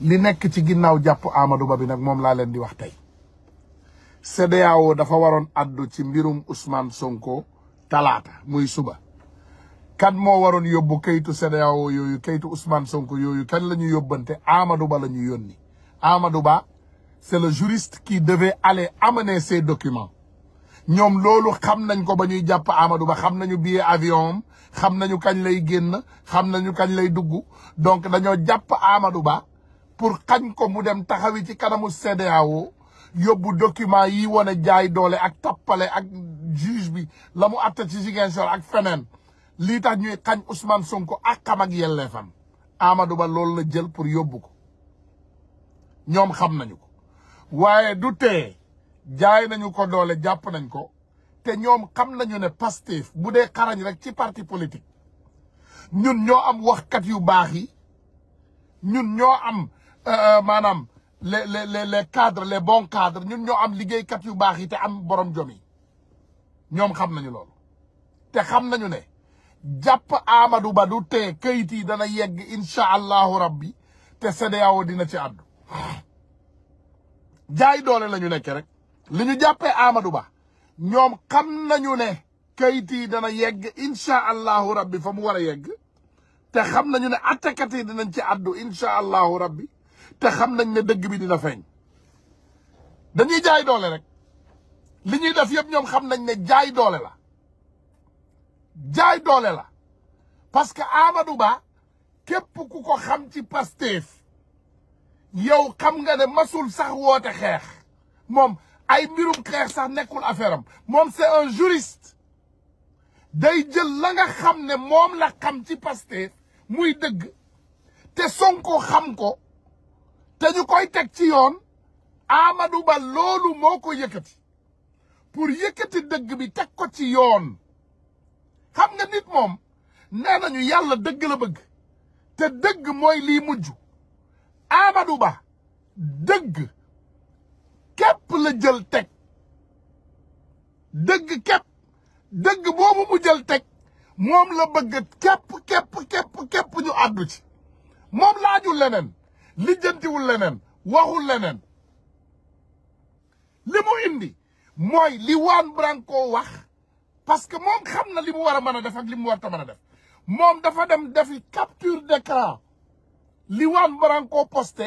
li nekk ci ginnaaw jàpp Amadou Ba bi nag moom laa leen di wax tey CEDEAO dafa waroon addu ci mbirum Ousmane Sonko talaata muy suba kan moo waroon yóbbu kayitu CEDEAO yooyu kayitu Ousmane Sonko yooyu kan la ñu yóbbante amadu Ba la ñu yónni Amadou Ba c'est le juriste qui devait aller amener ces documents ñoom loolu xam nañ ko ba ñuy jàpp Amadou Ba xam nañu billet avion am xam nañu kañ lay génn xam nañu kañ lay dugg donc dañoo jàpp amadu Ba pour xañ ko mu dem taxawi ci kanamu CEDEAO yóbbu document yi wane jaay doole ak tappale ak juge bi la mu atte ci Ziguinchor ak feneen lii tax ñuy xañ Ousmane Sonko ak xam ak yelleefam Amadou Ba loolu la jël pour yóbbu ko ñoom xam nañu ko waaye du tee jaay nañu ko doole jàpp nañ ko te ñoom xam nañu ne Pastef bu dee xarañ rek ci parti politique ñun ñoo am waxkat yu baax yi ñun ñoo am Euh, maanaam les les les le cadres les bons cadres ñun ñoo am liggéeykat yu baax yi te am borom jom ñoom xam nañu loolu te xam nañu ne jàpp Amadou Ba du tee këyit yi dana yegg incha allahu rabbi te CEDEAO dina ci àddu jaay doole lañu ñu nekk rek li ñu jàppee amadu Ba ñoom xam nañu ne këyit yi dana yegg incha allahu rabbi fa mu war a yegg te xam nañu ne attakat yi dinañ ci àddu incha allahu rabbi te xam nañ ne dëgg bi dina feeñ dañuy jaay doole rek li ñuy def yëpp ñoom xam nañ ne jaay doole la jaay doole la parce que Amadou Ba képp ku ko xam ci Pastef yow xam nga ne masul sax woote xeex moom ay mbirum xeex sax nekkul affaire am moom c'est un juriste day jël la nga xam ne moom la xam ci Pastef muy dëgg te Sonko xam ko te ñu koy teg ci yoon Amadou Ba loolu moo ko yëkkati pour yëkkati dëgg bi teg ko ci yoon xam nga nit moom nee nañu yàlla dëgg la bëgg te dëgg mooy lii mujj Amadou Ba dëgg képp la jël teg dëgg képp dëgg boobu mu teg moom la bëgg képp képp ñu àddu ci moom laajul leneen lijjantiwul leneen waxul leneen li mu indi mooy li Juan Branco wax parce que moom xam na li mu war a mën a def li mu war ta mën def moom dafa dem defi capture d'écran li Juan Branco posté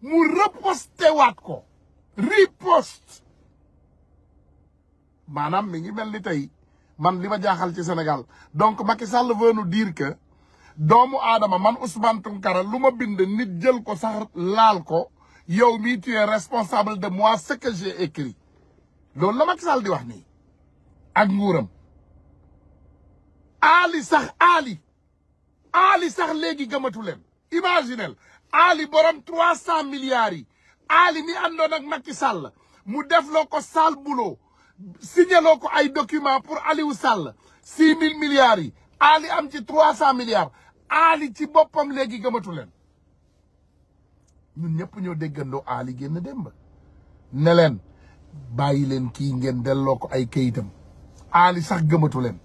mu reposté waat ko riposte maanaam mi ngi mel ni tey man li ma jaaxal ci Sénégal donc Macky Sall veut nous dire que doomu aadama man Ousmane Tounkara lu ma bind nit jël ko sax laal ko yow mii tu es responsable de moi ce écrit loolu la Macky Sall di wax nii ak nguuram aali sax aali aali sax léegi gëmatu leen imaginel aali borom trois cent milliards yi aali ni àndoon ak Macky Sall mu defloo ko sale boulot signaloo ko ay document pour Aliou Sall six mille milliards yi aali am ci trois cent milliards aali ci boppam léegi gëmatu leen ñun ñëpp ñoo déggandoo aali génn démb ne leen bàyyi leen kii ngeen delloo ko ay kayitam aali sax gëmatu leen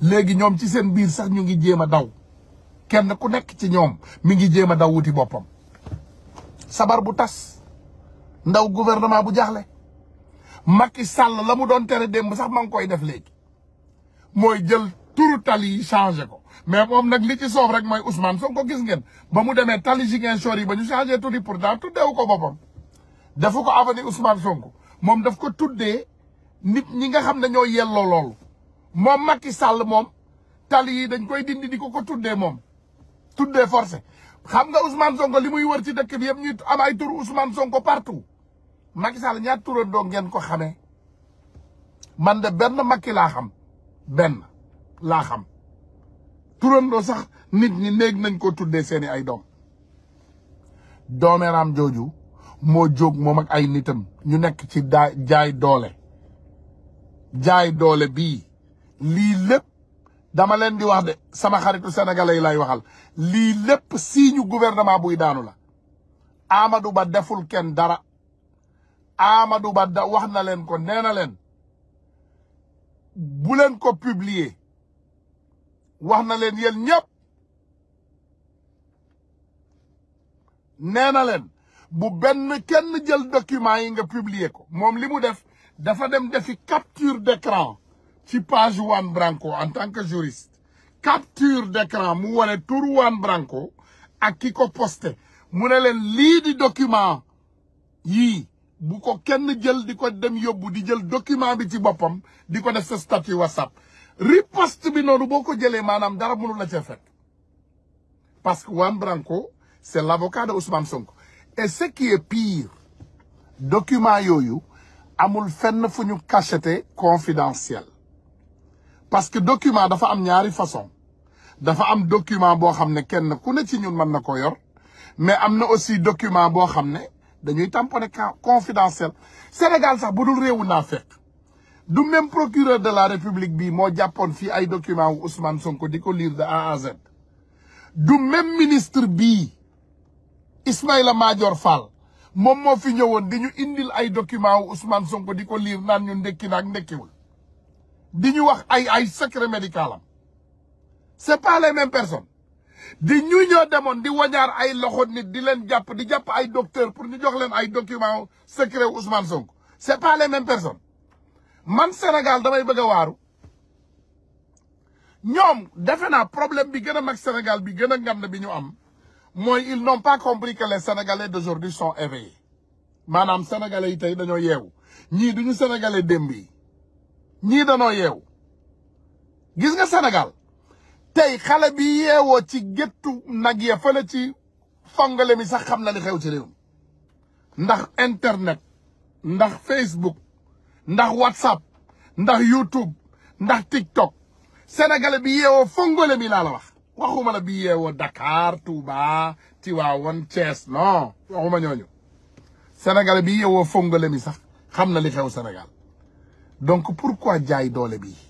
léegi ñoom ci seen biir sax ñu ngi jéem a daw kenn ku nekk ci ñoom mi ngi jéem a daw wuti boppam sabar bu tas ndaw gouvernement bu jaxle jaaxle Macky Sall la mu doon tere démb sax ma ngi koy def léegi mooy jël turu tali yi changé ko mais mom nak li ci soof rek moy Ousmane Sonko gis ngeen ba mu demee taligien chori ba ñu changé tuddi pour tout tuddeewu ko bopam dafa ko avenue Ousmane Sonko Mom daf ko tuddé nit ñi nga xam ne yello yelloo mom Macky Sall mom tali yi dañ koy dindi di ko ko mom. tuddé forcé xam nga Ousmane Sonko limuy wër ci dëkk bi ñu am ay tur Ousmane Sonko partout Macky Sall ñaar do ngeen ko xamé man de ben Macky la xam ben la xam turandoo sax nit ñi néeg nañ ko tuddee seeni ay doom doomeeraam jooju moo jóg moom ak ay nitam ñu nekk ci daa jaay doole jaay doole bii lii lépp dama leen di wax de sama xaritu senegale yi lay waxal lii lépp siiñu gouvernement buy daanu la Amadou Ba deful kenn dara Amadou Ba da wax na leen ko nee na leen bu leen ko publier wax na leen yéen ñëpp nee na leen bu benn kenn jël document yi nga publier ko moom li mu def dafa dem defi capture d'écran ci page Juan Branco en tant que juriste capture d'écran mu wane tur Juan Branco ak ki ko mu ne leen lii di document yii bu ko kenn jël di ko dem yóbbu di jël document bi ci boppam di ko def sa statut WhatsApp riposte bi nonou boko ko manam dara mënul la ca parce que Juan Branco c'est l'avocat de Ousmane Sonko et ce qui est pire document yoyu amul fenn fuñu cacheté confidentiel parce que document dafa am ñaari façon dafa am document bo xamné kenn ku ne ci ñun mën nako yor mais amna aussi document bo xamné dañuy tamponné confidentiel Sénégal sax bu dul réewu naa fekk du même procureur de la république bi moo jàppoon fii ay document wu Ousmane Sonko di ko lire de A à Z du même ministre bii Ismaïla Madior Fall moom moo fi ñëwoon di ñu indil ay document wu Ousmane Sonko di ko lire naan ñu ndekki naak ndekkiwul di ñu wax ay ay secret médical am c'est pas les personnes di ñu ñoo demoon di wañaar ay loxo nit di leen jàpp di jàpp ay docteur pour ñu jox leen ay document secret Ousmane Sonko c'est pas les mêmes personnes man Sénégal damay bëgg waaru ñoom defe naa problème bi gën a mag Sénégal bi gën a ngand bi ñu am mooy ils n'ont pas compris que les Sénégalais d'aujourd'hui sont éveillés maanaam sénégalais yi tey dañoo yeewu ñii duñu sénégalais démb yi ñii dañoo yeewu gis nga Sénégal tey xale bi yeewoo ci géttu nag ya fële ci fongale mi sax xam na li xew ci réew mi ndax internet ndax Facebook ndax whatsapp ndax youtube ndax tiktok sénégalais bi yeewoo fongole bi laa la wax waxuma bi yeewoo dakar touba tiwaawan Thiès non waxuma ñooñu sénégalais bi yeewoo fongole sax xam na li xew senegal donc pourquoi jaay doole bi